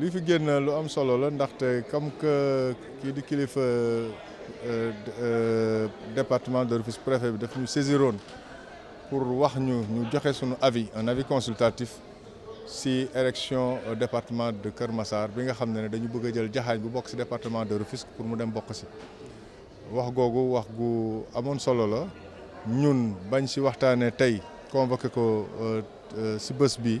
li fi génn lu am solo la ndaxte comme que kii di kilifa euh, euh, euh, département de Rufisque préfet bi daf ñu saisiroon pour wax ñu ñu joxe suñu avis un avis consultatif si élection département de Kër Massar bi nga xam ne dañu bëgg a jël jaxaañ bu bokk si département de Rufisque pour mu dem bokk si wax googu wax gu amoon solo la ñun bañ si waxtaanee tey convoqué ko si bés bi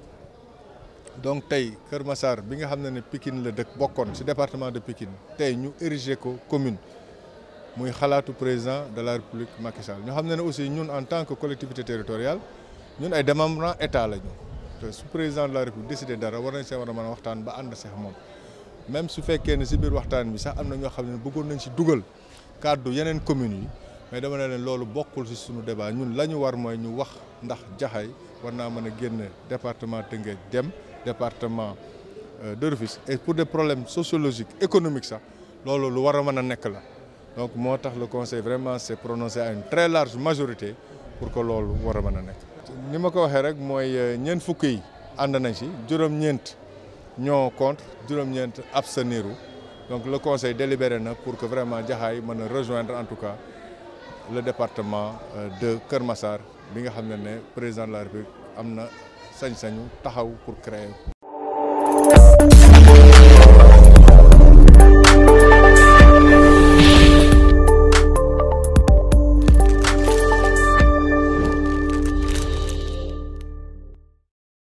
donc tey Kër Massar bi nga xam ne ne Pikine la dëkk bokkoon ci département de Pikine tey ñu érigé ko commune muy xalaatu président de la République Macky Sall ñu xam ne ne aussi ñun en tant que collectivité territoriale ñun ay démembrement état la ñu te su président de la République décidé dara war nañ see war a mën a waxtaan ba ànd seex même su fekkee ne ci biir waxtaan bi sax am na ñoo xam ne bëggoon nañ ci dugal kàddu yeneen commune, yi mais dama ne leen loolu bokkul ci suñu débat ñun la ñu war mooy ñu wax ndax jaxay war naa mën a génn département Tëngéej dem département euh, de Rufisque et pour des problèmes sociologiques économiques ça, c'est ce wara nous mën donc moi, le conseil vraiment s'est prononcé à une très large majorité pour que loolu war Ce que a ni ma ko waxee rek mooy euh, ñeent fukk yi ànd nañ ci juróom-ñeent ñoo contre juróom donc le conseil délibéré pour que vraiment Jaxaay mën rejoindre en tout cas le département euh, de Kermassar, qui est le président de la République sañ-sañu taxaw por créer